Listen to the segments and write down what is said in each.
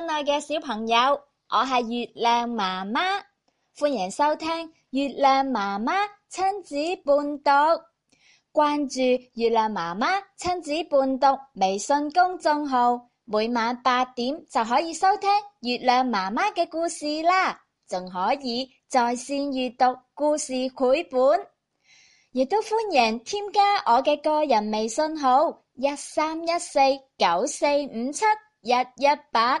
親愛嘅小朋友，我係月亮媽媽，歡迎收聽月亮媽媽親子伴讀。關注月亮媽媽親子伴讀微信公眾號，每晚八點就可以收聽月亮媽媽嘅故事啦，仲可以在綫閱讀故事繪本，亦都歡迎添加我嘅個人微信號：一三一四九四五七一一八。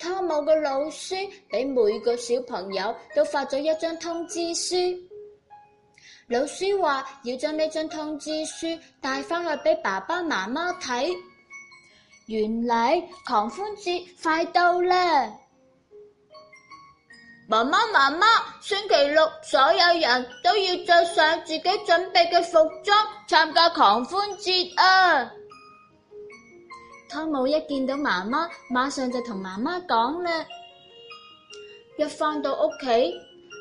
湯姆嘅老師俾每個小朋友都發咗一張通知書，老師話要將呢張通知書帶翻去俾爸爸媽媽睇。原來狂歡節快到啦！媽媽媽媽媽，星期六所有人都要着上自己準備嘅服裝參加狂歡節啊！湯姆一見到媽媽，馬上就同媽媽講啦。一返到屋企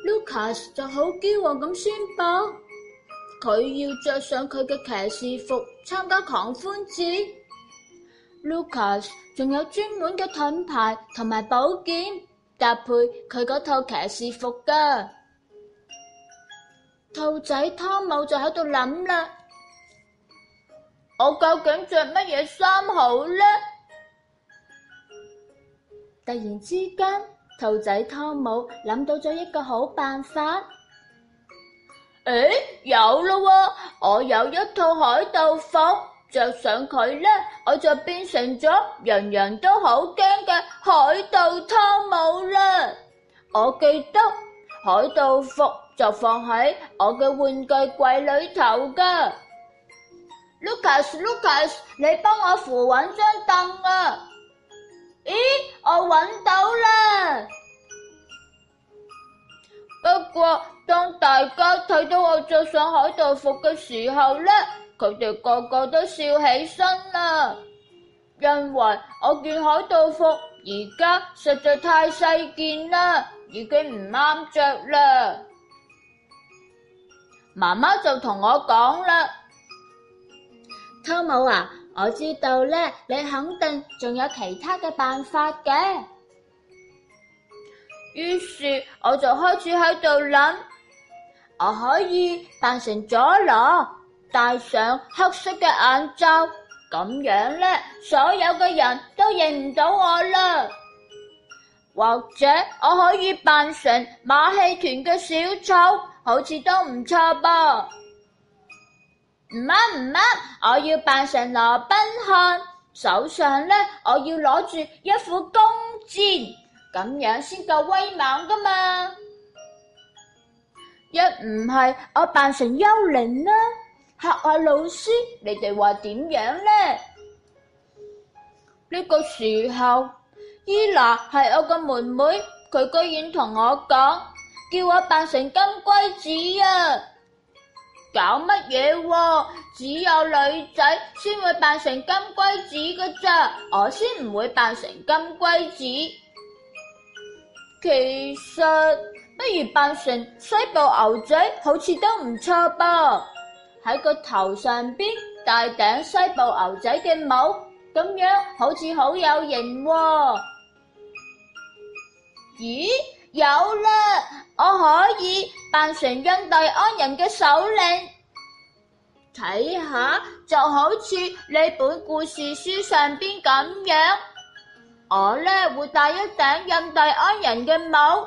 ，Lucas 就好驕傲咁宣佈，佢要着上佢嘅騎士服參加狂歡節。Lucas 仲有專門嘅盾牌同埋寶劍搭配佢嗰套騎士服㗎。兔仔湯姆就喺度諗啦。我究竟着乜嘢衫好呢？突然之間，兔仔湯姆諗到咗一個好辦法。誒，有喇喎，我有一套海盜服，着上佢咧，我就變成咗人人都好驚嘅海盜湯姆啦。我記得海盜服就放喺我嘅玩具櫃裏頭噶。Lucas，Lucas，Lucas，你幫我扶穩張凳啊！咦，我搵到啦！不過當大家睇到我着上海盜服嘅時候咧，佢哋個個都笑起身啦，因為我件海盜服而家實在太細件啦，已經唔啱着啦。媽媽就同我講啦。湯姆啊！我知道咧，你肯定仲有其他嘅辦法嘅。於是我就開始喺度諗，我可以扮成佐羅，戴上黑色嘅眼罩，咁樣咧，所有嘅人都認唔到我啦。或者我可以扮成馬戲團嘅小丑，好似都唔錯噃。唔啱唔啱，我要扮成羅賓漢，手上咧我要攞住一副弓箭，咁樣先夠威猛噶嘛。一唔係我扮成幽靈啦，吓下老師，你哋話點樣咧？呢個時候，伊娜係我個妹妹，佢居然同我講，叫我扮成金龜子啊！搞乜嘢？只有女仔先會扮成金龜子嘅啫，我先唔會扮成金龜子。其實不如扮成西部牛仔，好似都唔錯噃。喺個頭上邊戴頂西部牛仔嘅帽，咁樣好似好有型哦。咦？有啦，我可以扮成印第安人嘅首領，睇下就好似呢本故事書上邊咁樣。我呢會戴一頂印第安人嘅帽，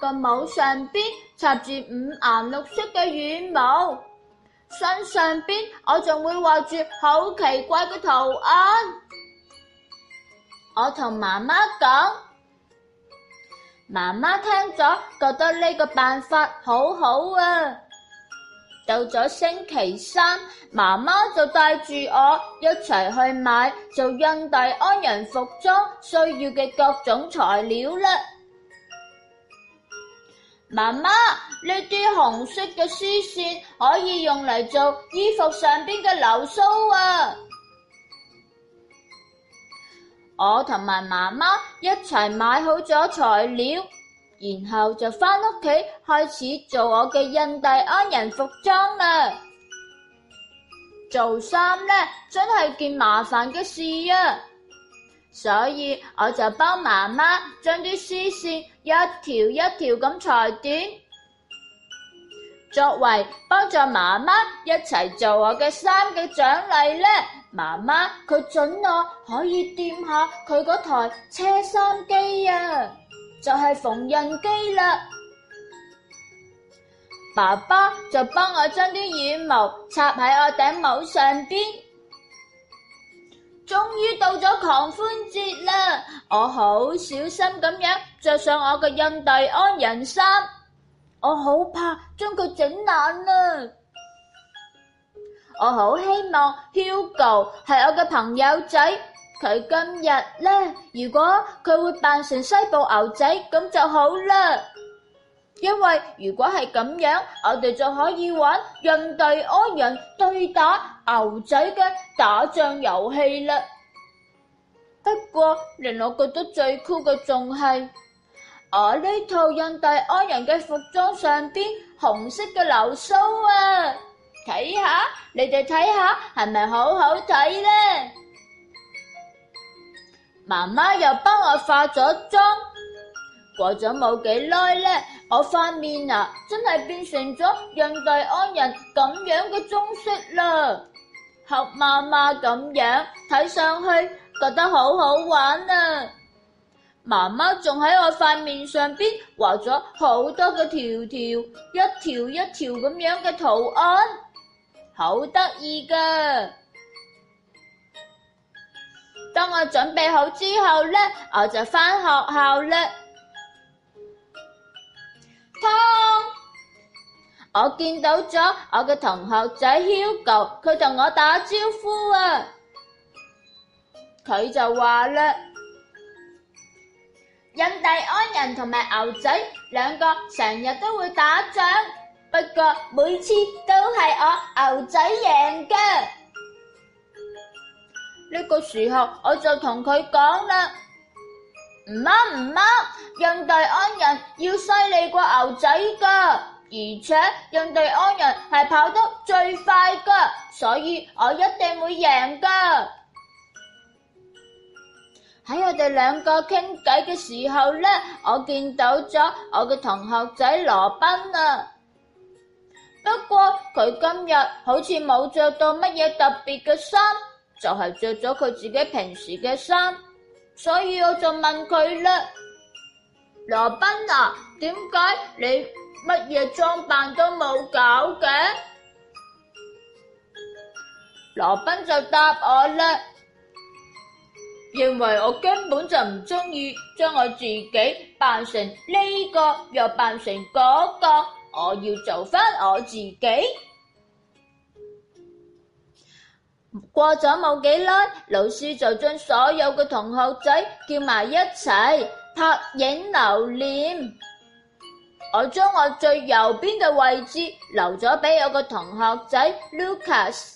個帽上邊插住五顏六色嘅羽毛，身上邊我仲會畫住好奇怪嘅圖案。我同媽媽講。媽媽聽咗，覺得呢個辦法好好啊！到咗星期三，媽媽就帶住我一齊去買做印第安人服裝需要嘅各種材料啦。媽媽，呢啲紅色嘅絲線可以用嚟做衣服上邊嘅流蘇啊！我同埋媽媽一齊買好咗材料，然後就翻屋企開始做我嘅印第安人服裝啦。做衫咧真係件麻煩嘅事啊，所以我就幫媽媽將啲絲線一條一條咁裁短，作為幫助媽媽一齊做我嘅衫嘅獎勵咧。媽媽，佢準我可以掂下佢嗰台車衫機啊，就係縫紉機啦。爸爸，就幫我將啲羽毛插喺我頂帽上邊。終於到咗狂歡節啦，我好小心咁樣着上我嘅印第安人衫，我好怕將佢整爛啊！我好希望 Hugo 係我嘅朋友仔，佢今日咧，如果佢會扮成西部牛仔咁就好啦。因為如果係咁樣，我哋就可以玩印第安人對打牛仔嘅打仗遊戲啦。不過令我覺得最酷嘅仲係我呢套印第安人嘅服裝上面紅色嘅流蘇啊！睇下，你哋睇下係咪好好睇咧？媽媽又幫我化咗妝，過咗冇幾耐咧，我塊面啊真係變成咗印第安人咁樣嘅棕色啦，黑媽媽咁樣睇上去覺得好好玩啊！媽媽仲喺我塊面上邊畫咗好多嘅條條，一條一條咁樣嘅圖案。好得意噶！當我準備好之後呢，我就翻學校啦。通！我見到咗我嘅同學仔 Hugo，佢同我打招呼啊！佢就話啦：印第安人同埋牛仔兩個成日都會打仗。不過每次都係我牛仔贏噶。呢個時候我就同佢講啦：唔啱唔啱，印第安人要犀利過牛仔噶，而且印第安人係跑得最快噶，所以我一定會贏噶。喺我哋兩個傾偈嘅時候咧，我見到咗我嘅同學仔羅賓啊。不過佢今日好似冇着到乜嘢特別嘅衫，就係着咗佢自己平時嘅衫，所以我就問佢啦：羅賓啊，點解你乜嘢裝扮都冇搞嘅？羅賓就答我啦，因為我根本就唔中意將我自己扮成呢個又扮成嗰個。我要做翻我自己。過咗冇幾耐，老師就將所有嘅同學仔叫埋一齊拍影留念。我將我最右邊嘅位置留咗俾我個同學仔 Lucas，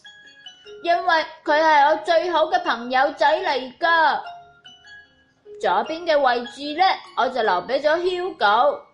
因為佢係我最好嘅朋友仔嚟噶。左邊嘅位置咧，我就留俾咗 Hugo。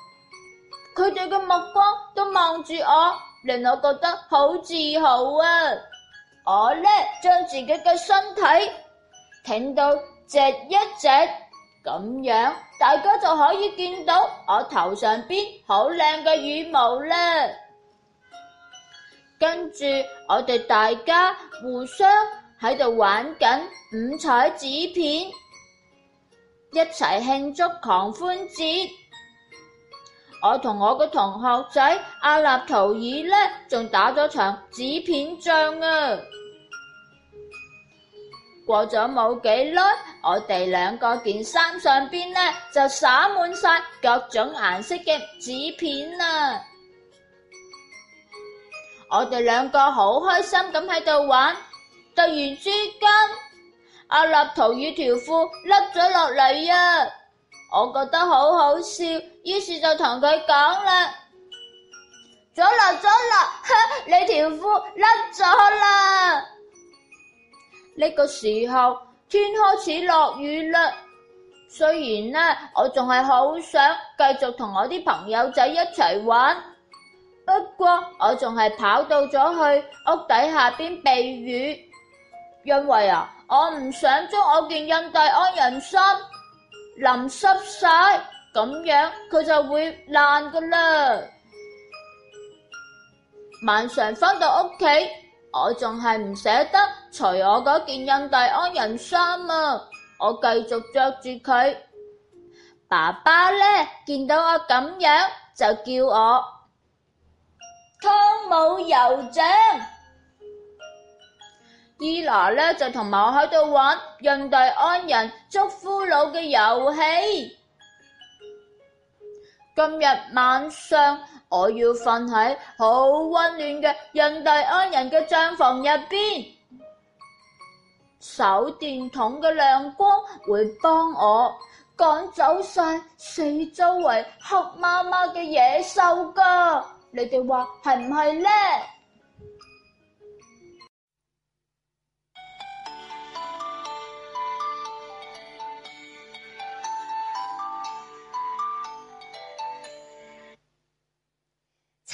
佢哋嘅目光都望住我，令我覺得好自豪啊！我咧將自己嘅身體挺到直一直，咁樣大家就可以見到我頭上邊好靚嘅羽毛喇。跟住我哋大家互相喺度玩緊五彩紙片，一齊慶祝狂歡節。我同我個同學仔阿納圖爾呢，仲打咗場紙片仗啊！過咗冇幾耐，我哋兩個件衫上邊呢就灑滿晒各種顏色嘅紙片啊！我哋兩個好開心咁喺度玩，突然之間，阿納圖爾條褲甩咗落嚟啊！我覺得好好笑，於是就同佢講啦：咗啦咗啦，呵，你條褲甩咗啦！呢個時候天開始落雨啦。雖然呢，我仲係好想繼續同我啲朋友仔一齊玩，不過我仲係跑到咗去屋底下邊避雨，因為啊，我唔想將我件印第安人衫。淋濕晒咁樣，佢就會爛噶啦。晚上翻到屋企，我仲係唔捨得除我嗰件印第安人衫啊！我繼續着住佢。爸爸呢，見到我咁樣，就叫我湯姆酋長。伊娜咧就同埋我喺度玩印第安人捉俘虜嘅遊戲。今日晚上我要瞓喺好溫暖嘅印第安人嘅帳篷入邊，手電筒嘅亮光會幫我趕走晒四周圍黑麻麻嘅野獸噶。你哋話係唔係咧？